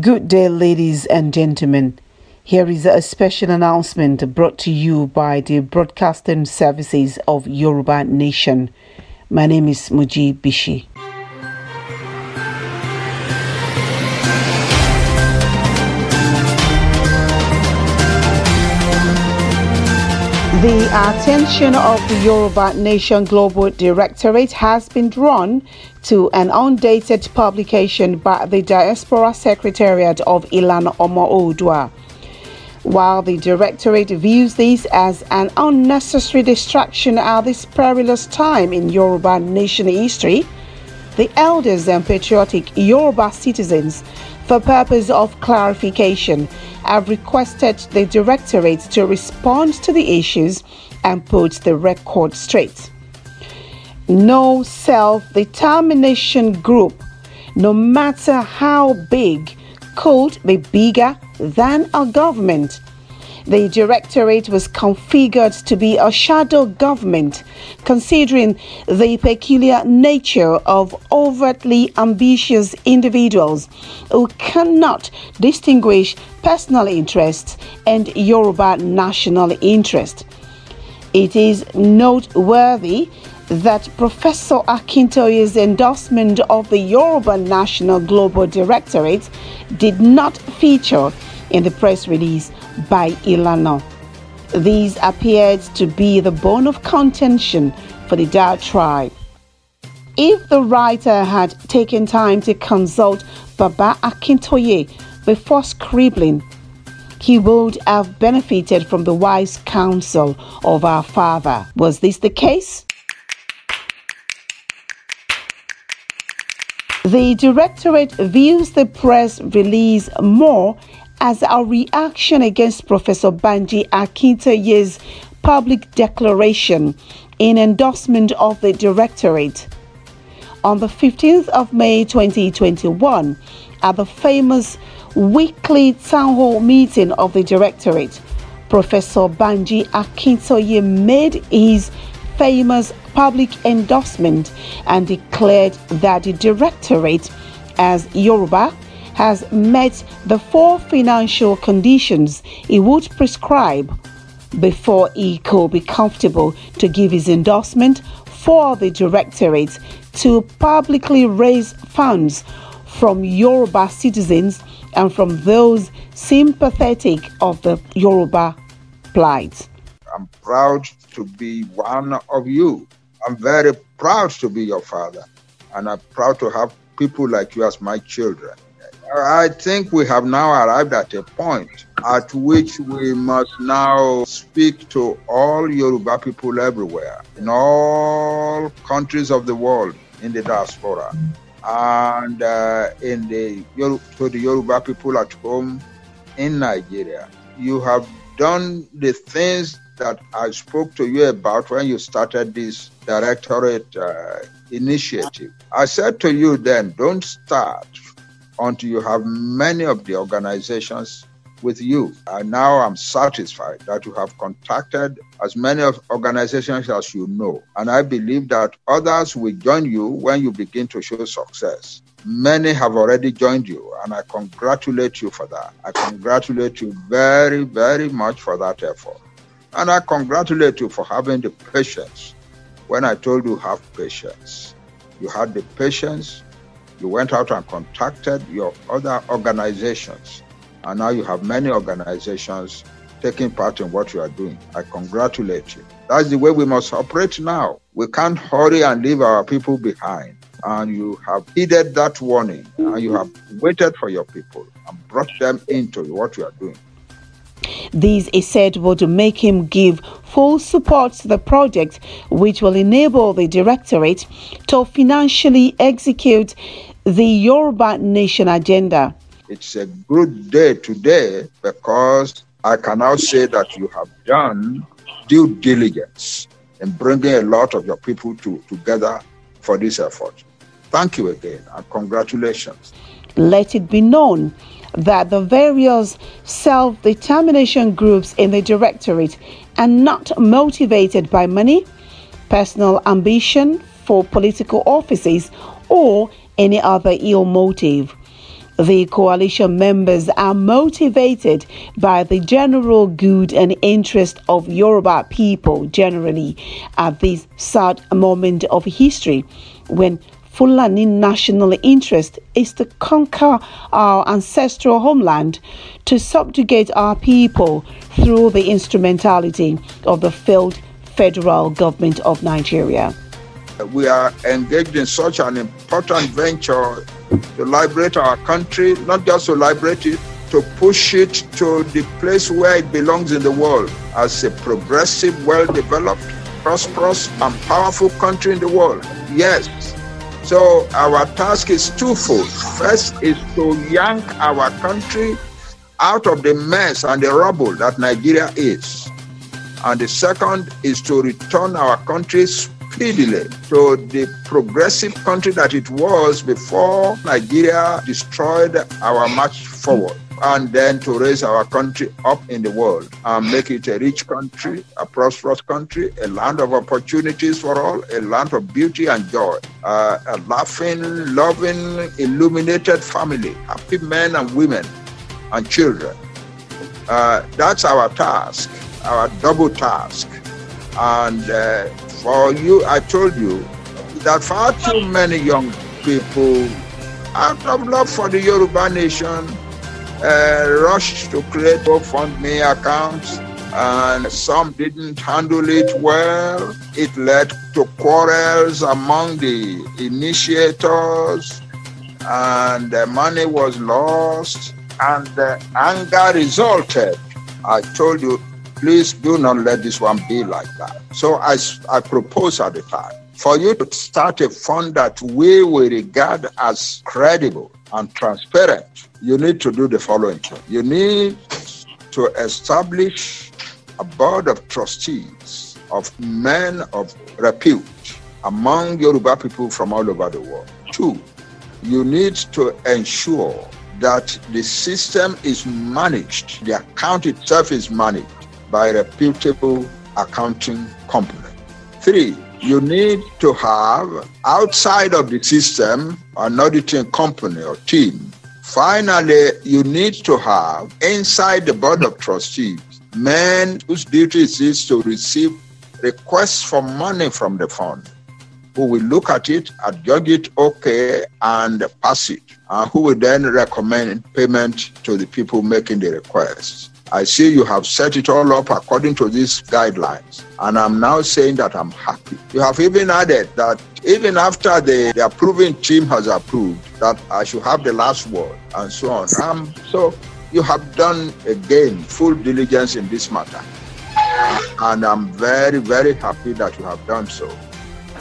Good day, ladies and gentlemen. Here is a special announcement brought to you by the Broadcasting Services of Yoruba Nation. My name is Muji Bishi. The attention of the Yoruba Nation Global Directorate has been drawn to an undated publication by the Diaspora Secretariat of Ilan Omo Odua. While the Directorate views this as an unnecessary distraction at this perilous time in Yoruba nation history, the elders and patriotic Yoruba citizens for purpose of clarification have requested the directorate to respond to the issues and put the record straight. No self-determination group, no matter how big, could be bigger than a government the directorate was configured to be a shadow government, considering the peculiar nature of overtly ambitious individuals who cannot distinguish personal interests and Yoruba national interest. It is noteworthy that Professor Akintoye's endorsement of the Yoruba National Global Directorate did not feature in the press release by Ilana. These appeared to be the bone of contention for the Dar tribe. If the writer had taken time to consult Baba Akintoye before scribbling, he would have benefited from the wise counsel of our father. Was this the case? The directorate views the press release more as our reaction against Professor Banji Akintaye's public declaration in endorsement of the directorate. On the 15th of May 2021, at the famous weekly town hall meeting of the directorate, Professor Banji Akintoye made his famous public endorsement and declared that the directorate, as Yoruba, has met the four financial conditions he would prescribe before he could be comfortable to give his endorsement for the directorate to publicly raise funds from Yoruba citizens and from those sympathetic of the Yoruba plight. I'm proud to be one of you. I'm very proud to be your father, and I'm proud to have people like you as my children. I think we have now arrived at a point at which we must now speak to all Yoruba people everywhere, in all countries of the world, in the diaspora, and uh, in the to the Yoruba people at home in Nigeria. You have done the things that I spoke to you about when you started this directorate uh, initiative. I said to you then, don't start until you have many of the organizations with you. And now I'm satisfied that you have contacted as many of organizations as you know. And I believe that others will join you when you begin to show success. Many have already joined you, and I congratulate you for that. I congratulate you very, very much for that effort. And I congratulate you for having the patience. When I told you have patience, you had the patience you went out and contacted your other organizations, and now you have many organizations taking part in what you are doing. I congratulate you. That's the way we must operate now. We can't hurry and leave our people behind. And you have heeded that warning, and you have waited for your people and brought them into what you are doing. These is said to make him give full support to the project, which will enable the Directorate to financially execute the Yoruba Nation agenda. It's a good day today because I can now say that you have done due diligence in bringing a lot of your people to, together for this effort. Thank you again and congratulations. Let it be known that the various self determination groups in the directorate are not motivated by money, personal ambition for political offices, or any other ill motive. The coalition members are motivated by the general good and interest of Yoruba people generally at this sad moment of history when Fulani national interest is to conquer our ancestral homeland, to subjugate our people through the instrumentality of the failed federal government of Nigeria we are engaged in such an important venture to liberate our country, not just to liberate it, to push it to the place where it belongs in the world as a progressive, well developed, prosperous, and powerful country in the world. Yes. So our task is twofold. First is to yank our country out of the mess and the rubble that Nigeria is. And the second is to return our country's speedily to the progressive country that it was before Nigeria destroyed our march forward and then to raise our country up in the world and make it a rich country, a prosperous country, a land of opportunities for all, a land of beauty and joy, uh, a laughing, loving, illuminated family, happy men and women and children. Uh, that's our task, our double task. And uh, for you, I told you that far too many young people, out of love for the Yoruba nation, uh, rushed to create GoFundMe accounts and some didn't handle it well. It led to quarrels among the initiators and the money was lost and the anger resulted. I told you Please do not let this one be like that. So I, I propose at the time for you to start a fund that we will regard as credible and transparent. You need to do the following thing. You need to establish a board of trustees of men of repute among Yoruba people from all over the world. Two, you need to ensure that the system is managed, the account itself is managed by a reputable accounting company. Three, you need to have outside of the system an auditing company or team. Finally, you need to have inside the board of trustees men whose duty it is to receive requests for money from the fund, who will look at it, adjudge it okay, and pass it, and who will then recommend payment to the people making the request. I see you have set it all up according to these guidelines. And I'm now saying that I'm happy. You have even added that even after the, the approving team has approved, that I should have the last word and so on. Um, so you have done again full diligence in this matter. And I'm very, very happy that you have done so.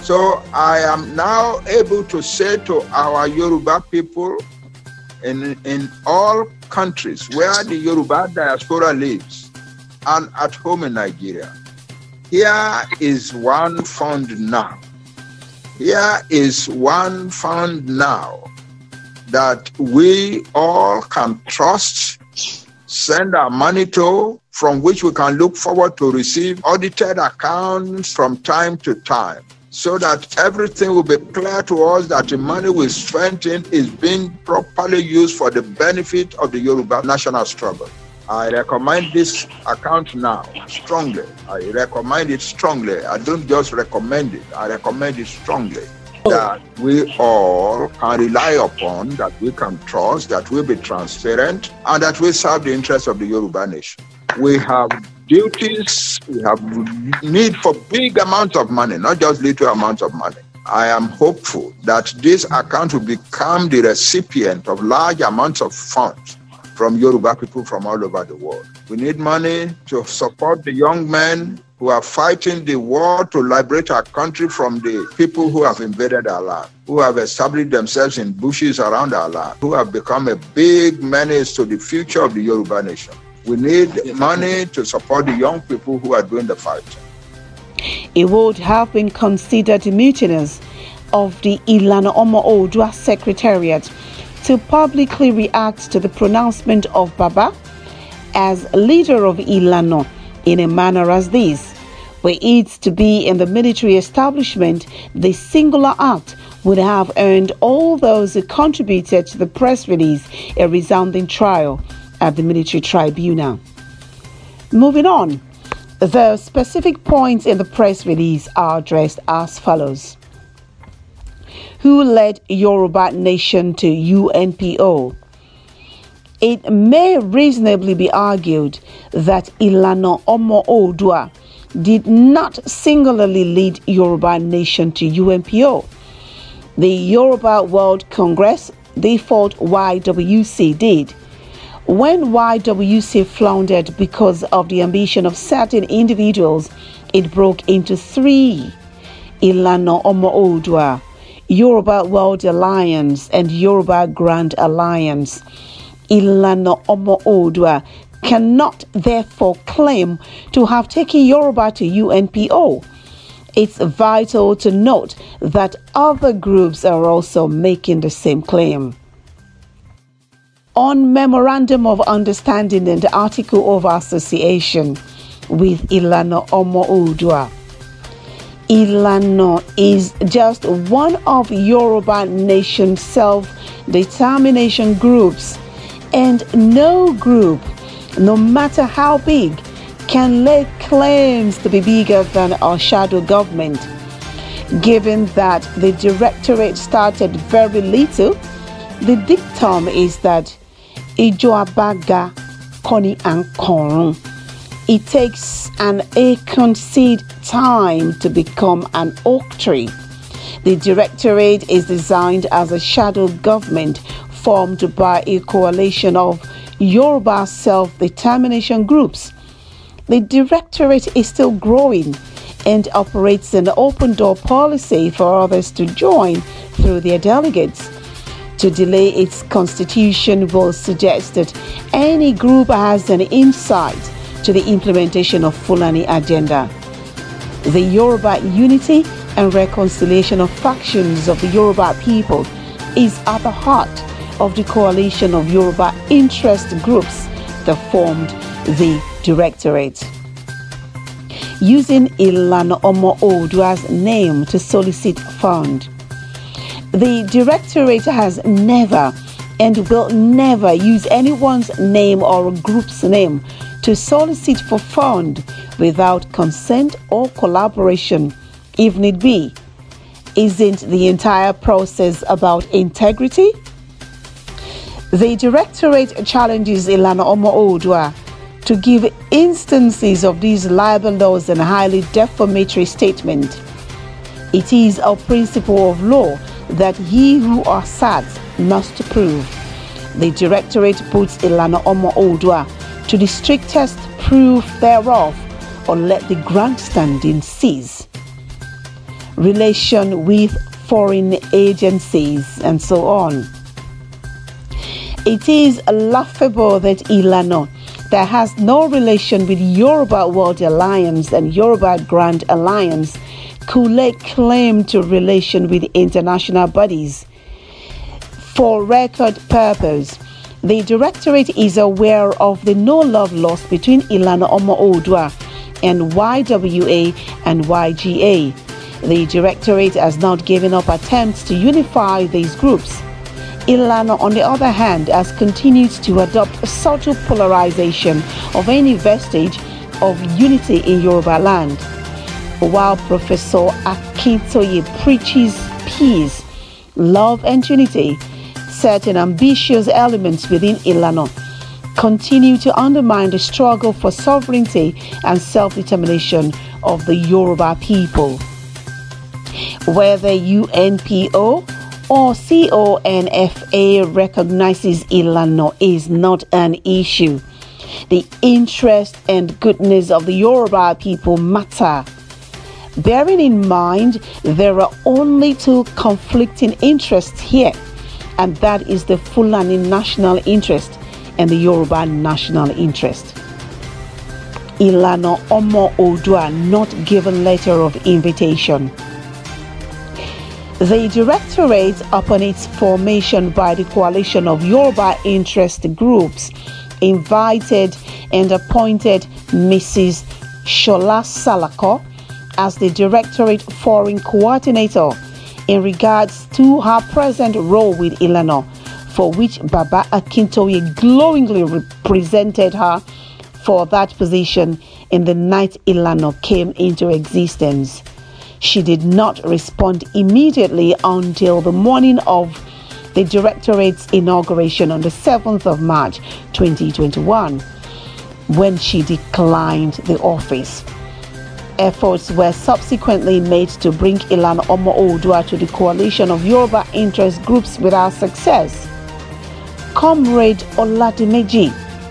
So I am now able to say to our Yoruba people in, in all countries where the Yoruba diaspora lives and at home in Nigeria. Here is one found now. Here is one found now that we all can trust, send our money to, from which we can look forward to receive audited accounts from time to time so that everything will be clear to us that the money we strengthen is being properly used for the benefit of the Yoruba national struggle. I recommend this account now strongly. I recommend it strongly. I don't just recommend it, I recommend it strongly. That we all can rely upon, that we can trust, that we be transparent, and that we serve the interests of the Yoruba nation. We have duties. We have need for big amounts of money, not just little amounts of money. I am hopeful that this account will become the recipient of large amounts of funds from Yoruba people from all over the world. We need money to support the young men who are fighting the war to liberate our country from the people who have invaded our land, who have established themselves in bushes around our land, who have become a big menace to the future of the Yoruba nation. We need money to support the young people who are doing the fight. It would have been considered mutinous of the Ilana Omo Odua Secretariat to publicly react to the pronouncement of Baba as leader of Ilano in a manner as this, where it's to be in the military establishment, the singular act would have earned all those who contributed to the press release a resounding trial at the military tribunal. Moving on, the specific points in the press release are addressed as follows Who led Yoruba Nation to UNPO? It may reasonably be argued that Ilana Omo Odua did not singularly lead Yoruba Nation to UNPO. The Yoruba World Congress, the default YWC, did. When YWC floundered because of the ambition of certain individuals, it broke into three Ilana Omo Odua, Yoruba World Alliance, and Yoruba Grand Alliance. Ilana Omo Odua cannot therefore claim to have taken Yoruba to UNPO. It's vital to note that other groups are also making the same claim on memorandum of understanding and the article of association with Ilana Omo Odua. Ilana is just one of Yoruba nation self-determination groups and no group, no matter how big, can lay claims to be bigger than our shadow government. Given that the directorate started very little, the dictum is that ijó abága kọ́ni ń kọ̀run. It takes an acorn seed time to become an oak tree. The directorate is designed as a shadow government formed by a coalition of Yoruba self determination groups. The directorate is still growing and operates an open door policy for others to join through their delegates to delay its constitution was suggested. Any group has an insight to the implementation of Fulani agenda. The Yoruba unity and reconciliation of factions of the Yoruba people is at the heart of the coalition of Yoruba interest groups that formed the directorate. Using Ilana Omo Odua's name to solicit fund the directorate has never and will never use anyone's name or group's name to solicit for fund without consent or collaboration, if need be. Isn't the entire process about integrity? The Directorate challenges Ilana Omo Odua to give instances of these libel laws and highly defamatory statements. It is a principle of law that ye who are sad must prove. The Directorate puts Ilana Omo Odua to the strictest proof thereof, or let the grandstanding cease. Relation with foreign agencies and so on. It is laughable that Ilana, that has no relation with Yoruba World Alliance and Yoruba Grand Alliance, Kule claim to relation with international bodies for record purpose. The directorate is aware of the no love lost between Ilana Omo-Odua and YWA and YGA. The directorate has not given up attempts to unify these groups. Ilana, on the other hand, has continued to adopt subtle polarization of any vestige of unity in Yoruba land while Professor Akintoye preaches peace, love, and unity, certain ambitious elements within Ilano continue to undermine the struggle for sovereignty and self determination of the Yoruba people. Whether UNPO or CONFA recognizes Ilano is not an issue. The interest and goodness of the Yoruba people matter bearing in mind there are only two conflicting interests here, and that is the Fulani national interest and the Yoruba national interest. Ilana Omo Odua not given letter of invitation. The directorate, upon its formation by the coalition of Yoruba interest groups, invited and appointed Mrs. Shola Salako as the Directorate Foreign Coordinator in regards to her present role with Ilano, for which Baba Akintoye glowingly represented her for that position in the night Ilano came into existence. She did not respond immediately until the morning of the directorate's inauguration on the 7th of March 2021 when she declined the office. Efforts were subsequently made to bring Ilan Omo Oudua to the coalition of Yoruba interest groups without success. Comrade Oladimeji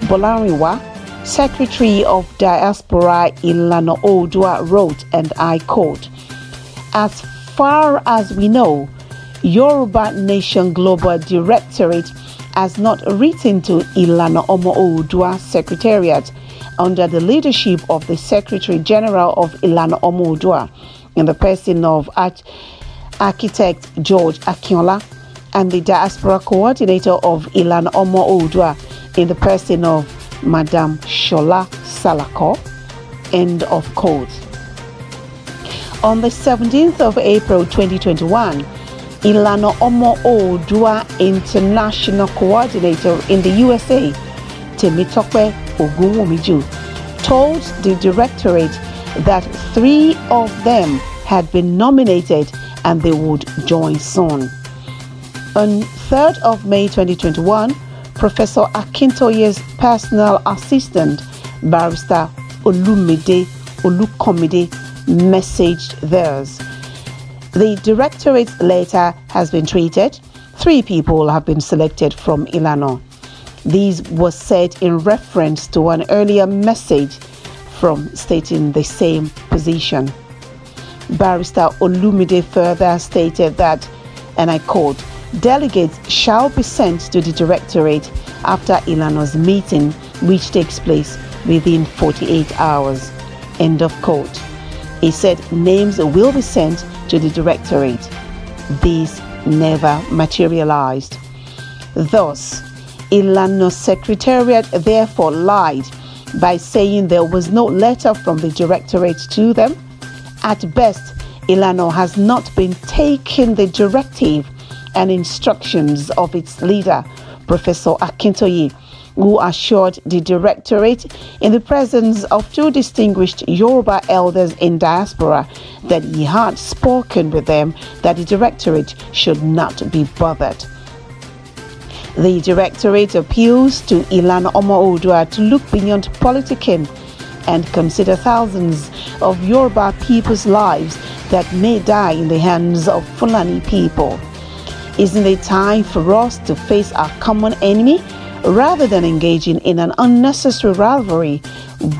Bolariwa, Secretary of Diaspora Ilana Oudua, wrote, and I quote, As far as we know, Yoruba Nation Global Directorate has not written to Ilana Omo Oudua Secretariat under the leadership of the Secretary General of Ilana Omodua in the person of Arch- architect George Akinola and the diaspora coordinator of Ilana Omo Odua in the person of Madame Shola Salako. End of quote. On the 17th of April 2021, Ilana Omo Odua International Coordinator in the USA, Temitope Ogunwumiju told the directorate that three of them had been nominated and they would join soon. On 3rd of May 2021, Professor Akintoye's personal assistant, Barrister Olumide Olukomide, messaged theirs. The directorate's letter has been treated. Three people have been selected from Ilano. These were said in reference to an earlier message from stating the same position. Barrister Olumide further stated that, and I quote, delegates shall be sent to the directorate after Ilano's meeting, which takes place within 48 hours. End of quote. He said names will be sent to the directorate. These never materialized. Thus, Ilano's secretariat therefore lied by saying there was no letter from the directorate to them. At best, Ilano has not been taking the directive and instructions of its leader, Professor Akintoye, who assured the directorate in the presence of two distinguished Yoruba elders in diaspora that he had spoken with them that the directorate should not be bothered. The Directorate appeals to Ilan Omar odua to look beyond politicking and consider thousands of Yoruba people's lives that may die in the hands of Fulani people. Isn't it time for us to face our common enemy rather than engaging in an unnecessary rivalry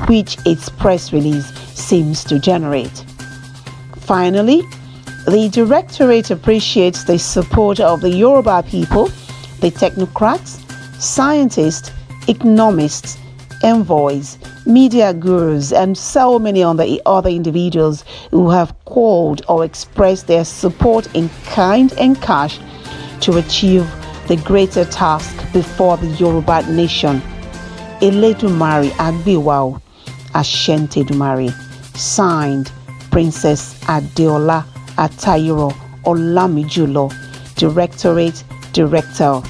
which its press release seems to generate? Finally, the Directorate appreciates the support of the Yoruba people the technocrats, scientists, economists, envoys, media gurus, and so many other individuals who have called or expressed their support in kind and cash to achieve the greater task before the Yoruba nation. Eledumari Agbiwao Ashente Dumari. Signed Princess Adeola Atairo Olamijulo, Directorate Director.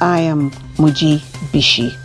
I am Muji Bishi.